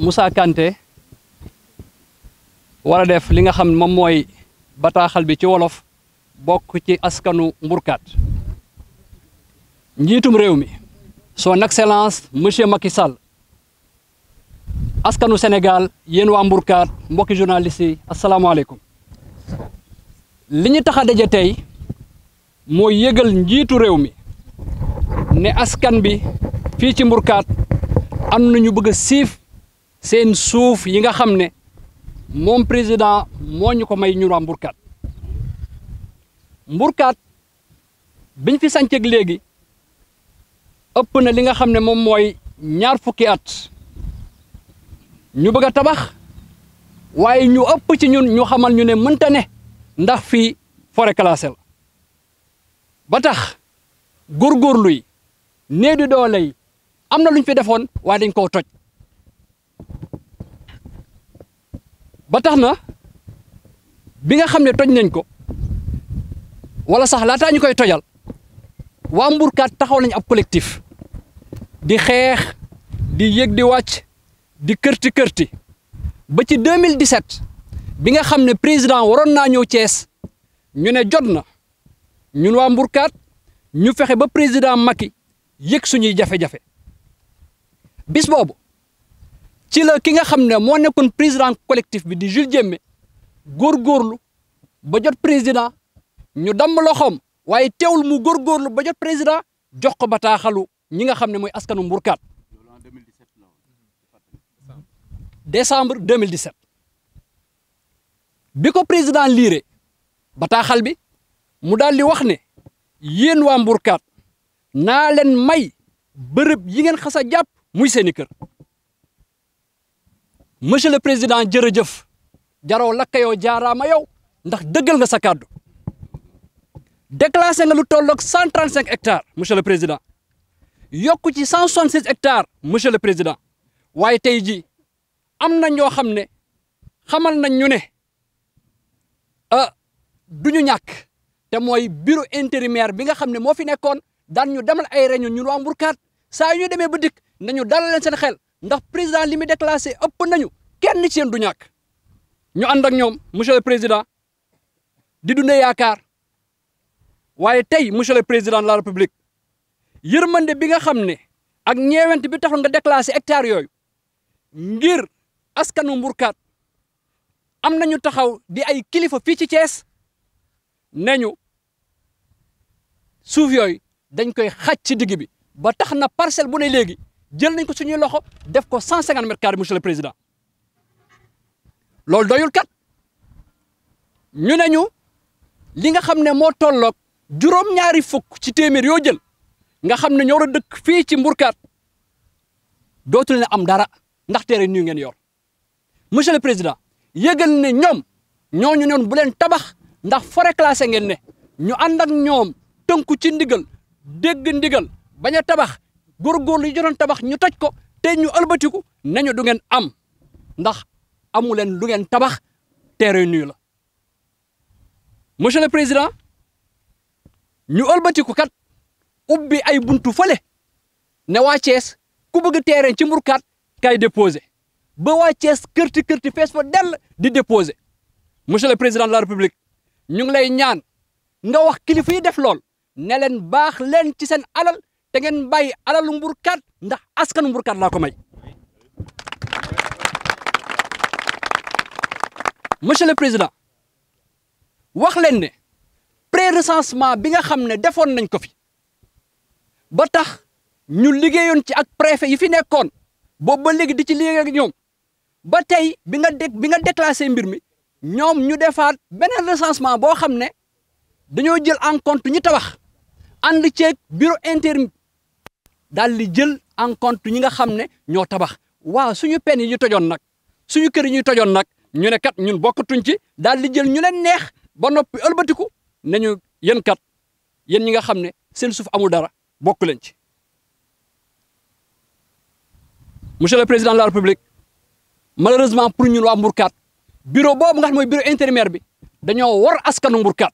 Moussa Kanté wala def li nga xam moom mooy bataaxal bi ci wolof bokk ci askanu mburkaat njiitum réew mi son excellence monsieur Macky Sall askanu senegal yéen waa mburkaat mbokki journaliste yi asalaamaaleykum li ñu tax a daje tey mooy yëgal njiitu réew mi ne askan bi fii ci mburkaat am na ñu bëgg a siif seen suuf yi nga xam ne moom président moo ñu ko may ñun waa Mbourkat Mbourkat biñ fi sànceeg léegi ëpp na li nga xam ne moom mooy ñaar fukki at ñu bëgg a tabax waaye ñu ëpp ci ñun ñu xamal ñu ne mënta ne ndax fii forêt la ba tax góorgóorlu yi néew di doole yi am na lu ñu fi defoon waaye dañ koo toj ba tax na bi nga xam ne toj nañ ko wala sax laataa ñu koy tojal waa Mbourkat taxaw nañ ab collectif di xeex di yëg di wàcc di kërti kërti ba ci 2017 bi nga xam ne président waroon naa ñëw cees ñu ne jot na ñun waa Mbourkat ñu fexe ba président Macky yëg suñuy jafe-jafe bis boobu. ci la ki nga xam ne moo nekkoon président collectif bi di Jules Diémé góorgóorlu ba jot président ñu damm loxoom waaye teewul mu góorgóorlu ba jot président jox ko bataaxalu ñi nga xam ne mooy askanu mburkaat décembre 2017 bi ko président liire bataaxal bi mu daal di wax ne yéen waa mburkaat naa leen may bërëb yi ngeen xas a jàpp muy seeni kër monsieur le président jërëjëf jaroo lakka yow jaaraama yow ndax dëggal nga sa kàddu déclassé nga lu tolloog 135 hectares monsieur le président yokku ci 166 hectares monsieur le président waaye tey jii am na ñoo xam ne xamal nañ ñu ne ah du ñu ñàkk te mooy bureau intérimaire bi nga xam ne moo fi nekkoon daan ñu demal ay réunion ñu waa Mbourkat saa yu ñu demee ba dikk nañu dalal leen seen xel ndax président li mu déclassé ëpp nañu kenn ci yéen du ñàkk ñu ànd ak ñoom monsieur président di du dundee yaakaar waaye tey monsieur le président la république yërmande bi nga xam ne ak ñeewent bi taxul nga déclassé hectare yooyu ngir askanu mburkaat am nañu taxaw di ay kilifa fii ci Thiès ne ñu suuf yooyu dañ koy xaj ci digg bi ba tax na parcelle bu ne léegi jël nañ ko suñuy loxo def ko 150 mètres carrés monsieur le président loolu doyul kat ñu ne ñu li nga xam ne moo tolloog juróom-ñaari fukk ci téeméer yoo jël nga xam ne ñoo war a dëkk fii ci mburkaat dootu leen am dara ndax teere ñu ngeen yor monsieur le président yëgal ne ñoom ñu noonu bu leen tabax ndax forêt classée ngeen ne ñu ànd ak ñoom tënku ci ndigal dégg ndigal bañ tabax. góorgóorlu yi doon tabax ñu toj ko te ñu ëlbatiku nañu du ngeen am ndax amu leen lu ngeen tabax terrain nu la monsieur le président ñu ëlbatiku kat ubbi ay buntu fële ne waa Thiès ku bëgg terrain ci mburkaat kay déposé ba waa Thiès kërti kërti fees fa dell di déposé monsieur le président la république ñu ngi lay ñaan nga wax kilifa yi def lool ne leen baax len ci seen alal te ngeen bàyyi alalu mburkat ndax askanu mburkat laa ko may. monsieur le président wax leen ne pré recensement bi nga xam ne defoon nañ ko fi ba tax ñu liggéeyoon ci ak préfet yi fi nekkoon boobu ba léegi di ci liggéey ak ñoom ba tey bi nga dé bi nga déclassé mbir mi ñoom ñu defaat beneen recensement boo xam ne dañoo jël en compte ñu tabax ànd ceeg bureau inter daal di jël en compte ñi nga xam ne ñoo tabax waaw suñu pen yi ñu tojoon nag suñu kër yi ñu tojoon nag ñu ne kat ñun bokkatuñ ci daal di jël ñu leen neex ba noppi ëlbatiku nañu yéen kat yéen ñi nga xam ne seen suuf amul dara bokk leen ci. monsieur le président de la république malheureusement pour ñun waa Mbourkat bureau boobu nga mooy bureau intérimaire bi dañoo war askanu Mbourkat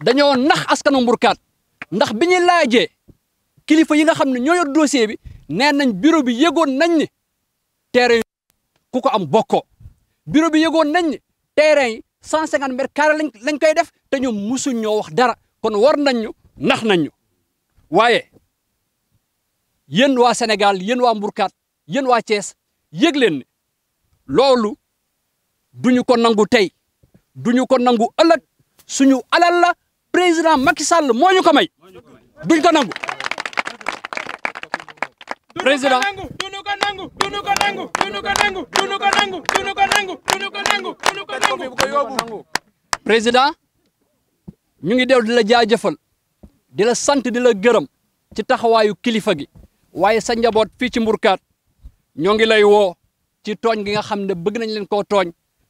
dañoo nax askanu mburkaat ndax bi ñu laajee kilifa yi nga xam ne ñoo yor dossier bi nee nañ bureau bi yëgoon nañ ni terrain ku ko am bokko bureau bi yëgoon nañ ni terrain yi cent cinquante mètres lañ lañ koy def te ñoom musuñ ñoo wax dara kon war nañ nax nañ waaye yéen waa Sénégal yéen waa mburkaat yéen waa Thiès yëg leen ne loolu duñu ko nangu tey duñu ko nangu ëllëg suñu alal la président Macky Sall moo ñu ko may duñ ko nangu. président ñu ngi dellu di la jaajëfal di la sant di la gërëm ci taxawaayu kilifa gi waaye sa njaboot fii ci mburkaat ñoo ngi lay woo ci tooñ gi nga xam ne bëgg nañ leen koo tooñ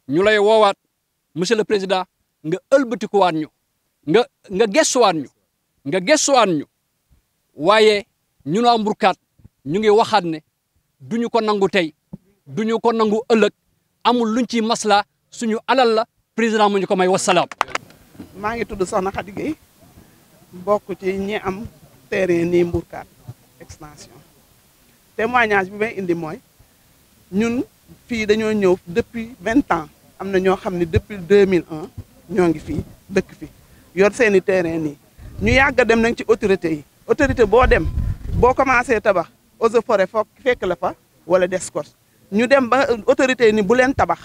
ñu lay woowaat monsieur le président nga ëlbatikuwaat ñu nga nga gëstuwaat ñu nga gëstuwaat ñu waaye ñu naa mburkaat ñu ngi waxaat ne duñu ko nangu tey duñu ko nangu ëllëg amul luñ ci masla suñu alal la président mu ñu ko may wasalaam. maa ngi tudd Soxna Khady Gueye bokk ci ñi am terrain nii mburkaat extension témoignage bi may indi mooy ñun fii dañoo ñëw depuis vingt ans am na ñoo xam ne depuis deux mille un ñoo ngi fii dëkk fi yor seen i terrain nii ñu yàgg dem nañ ci autorité yi autorité boo dem boo commencé tabax eaux et forêt fekk la fa wala DSCOS ñu dem ba euh, autorité yi ni bu leen tabax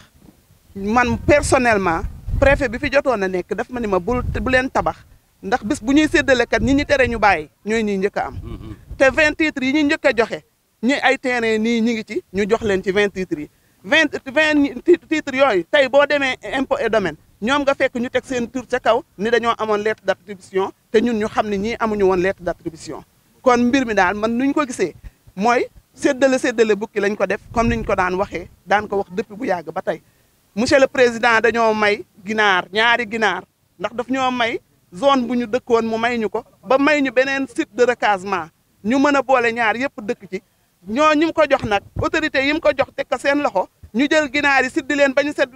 man personnellement préfet bi fi jotoon a nekk daf ma ni ma bul bu leen tabax ndax bis bu ñuy séddalekat ñi ñu tere ñu bàyyi ñooy ñuy njëkk a am mm-hmm. te vingt titres yi ñu njëkk a joxe ñu ay terrain nii ñi ngi ci ñu jox leen ci vingt titres yi vingt vingt titres yooyu tey boo demee impôt et domaine ñoom nga fekk ñu teg seen tur ca kaw ni dañoo amoon lettre d'attribution te ñun ñu xam ne ñii amuñu woon lettre d'attribution kon mbir mi daal man nu ñu ko gisee mooy séddale séddale bukki lañ ko def comme niñ ko daan waxee daan ko wax depuis bu yàgg ba tey monsieur le président dañoo may ginaar ñaari ginaar ndax daf ñoo may zone bu ñu dëkkoon mu may ñu ko ba may ñu beneen site de recasement ñu mën a boole ñaari yëpp dëkk ci ñoo ñu ko jox nag autorité yi mu ko jox teg seen loxo ñu jël ginaar yi siddi leen ba ñu set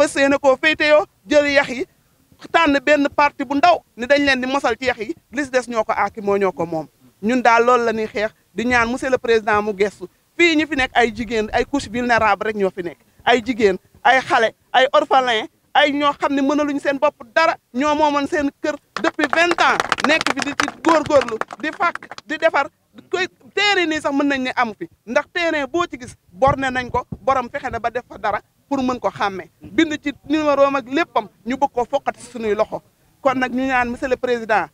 fas yéene koo féeteyoo jël yax yi tànn benn parti bu ndaw ni dañ leen di mosal ci yax yi li si des ñoo ko aaki moo ñoo ko moom ñun daal loolu la ñuy xeex di ñaan monsieur le président mu gestu fii ñu fi nekk ay jigéen ay couche vulnérable rek ñoo fi nekk ay jigéen ay xale ay orphelin ay ñoo xam ne mënaluñu seen bopp dara ñoo moomoon seen kër depuis vingt ans nekk fi di ci góorgóorlu di fàkk di defar koy terrain nii sax mën nañ ne amu fi ndax terrain boo ci gis ne nañ ko borom fexe na ba def fa dara pour mën ko xàmme bind ci numéro am ak léppam ñu bëgg koo foqati si suñuy loxo kon nag ñu ñaan monsieur le président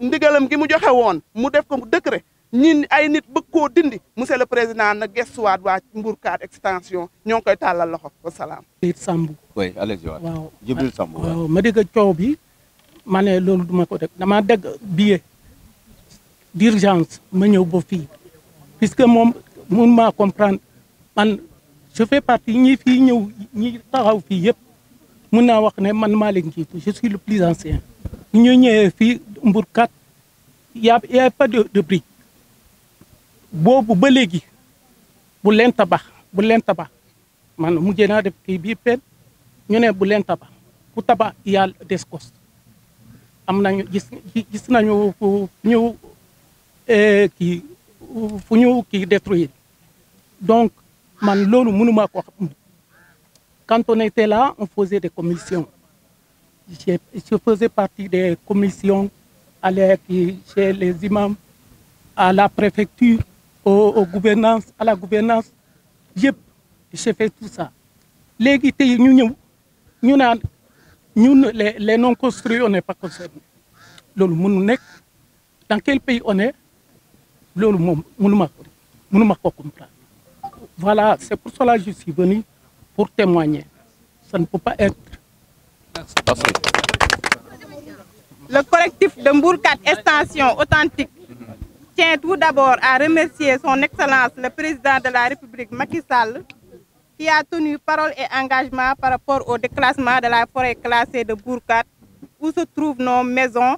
ndigalam gi mu joxe woon mu def ko mu décret ñin ay nit bëgg koo dindi monsieur le président nag gestuwaat waa Mbour 4 extension ñoo ngi koy tàllal loxo wasalaam. Jibril Samb. ma dégg coow bi ma ne loolu duma ko def damaa dégg billet d'urgence ma ñëw ba fii puisque moom mun maa comprendre je fais partie ñi fii ñëw ñi taxaw fii yëpp mun naa wax ne man Malick Ngiitu je suis le plus ancien ñu ñëwee fii Mbour 4 y pas de de brique boobu ba léegi bu leen tabax bu leen tabax man mujj naa def kii bii pen ñu ne bu leen tabax bu tabax yàlla des am nañu gis gis nañu fu ñu eh, kii fu ñu kii détruire man loolu mënuma ko xam quand on était là on faisait des commissions je faisais partie des commissions aller chez les imams à la préfecture au au gouvernance à la gouvernance yëpp j'ai fait tout ça léegi tey ñu ñëw ñu naan ñun les les non construits on n'est pas concerné loolu mënu nekk dans quel pays on est loolu moom mënuma ko mënuma ko Voilà, c'est pour cela que je suis venu pour témoigner. Ça ne peut pas être. Le collectif de Mbourkat Extension Authentique tient tout d'abord à remercier son Excellence le Président de la République Macky Sall qui a tenu parole et engagement par rapport au déclassement de la forêt classée de Bourkat où se trouvent non maisons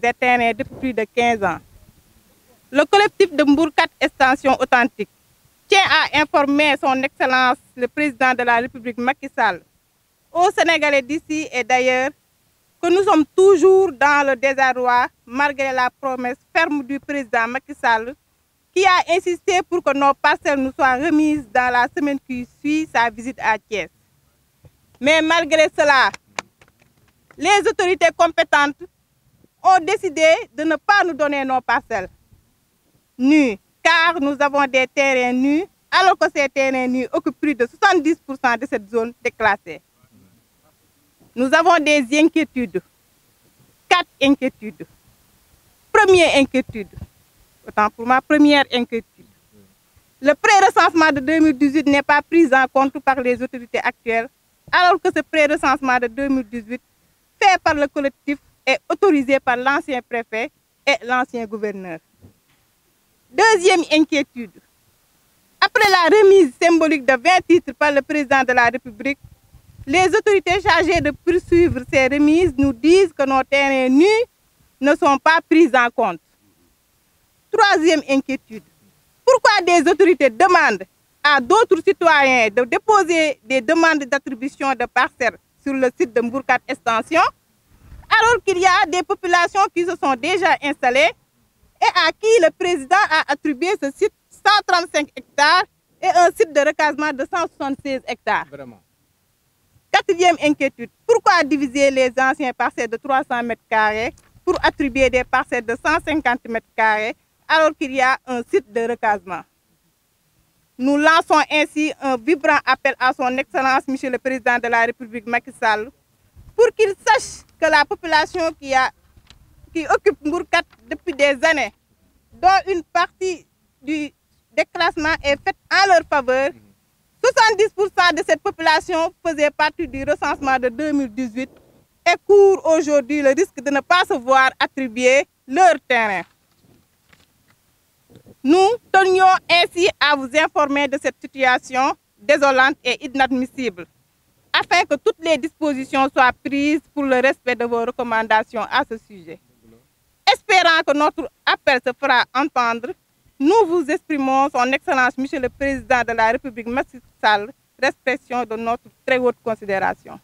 et terrains depuis de 15 ans. Le collectif de Mbourkat Extension Authentique tient à informer son Excellence le Président de la République Macky Sall, aux Sénégalais d'ici et d'ailleurs, que nous sommes toujours dans le désarroi malgré la promesse ferme du Président Macky Sall qui a insisté pour que nos parcelles nous soient remises dans la semaine qui suit sa visite à Thiès. Mais malgré cela, les autorités compétentes ont décidé de ne pas nous donner nos parcelles. car nous avons des terrains nus, alors que ces terrains nus occupent plus de 70% de cette zone déclassée. Nous avons des inquiétudes, quatre inquiétudes. Première inquiétude, autant pour ma première inquiétude, le pré-recensement de 2018 n'est pas pris en compte par les autorités actuelles, alors que ce pré-recensement de 2018, fait par le collectif, est autorisé par l'ancien préfet et l'ancien gouverneur. Deuxième inquiétude. Après la remise symbolique de 20 titres par le président de la République, les autorités chargées de poursuivre ces remises nous disent que nos terrains nus ne sont pas pris en compte. Troisième inquiétude. Pourquoi des autorités demandent à d'autres citoyens de déposer des demandes d'attribution de parcelles sur le site de Mbourkat Extension, alors qu'il y a des populations qui se sont déjà installées et à qui le président a attribué ce site 135 hectares et un site de recasement de 176 hectares. Vraiment. Quatrième inquiétude, pourquoi diviser les anciens parcelles de 300 mètres carrés pour attribuer des parcelles de 150 mètres carrés alors qu'il y a un site de recasement Nous lançons ainsi un vibrant appel à son Excellence, Monsieur le Président de la République Macky Sall, pour qu'il sache que la population qui a qui occupe Mbourkat depuis des années, dont une partie du déclassement est faite en leur faveur, 70% mm-hmm. de cette population faisait partie du recensement de 2018 et court aujourd'hui le risque de ne pas se voir attribuer leur terrain. Nous tenions ainsi à vous informer de cette situation désolante et inadmissible, afin que toutes les dispositions soient prises pour le respect de vos recommandations à ce sujet. Espérant que notre appel se fera entendre, nous vous exprimons son Excellence Monsieur le Président de la République Macky Sall, respectation de notre très haute considération.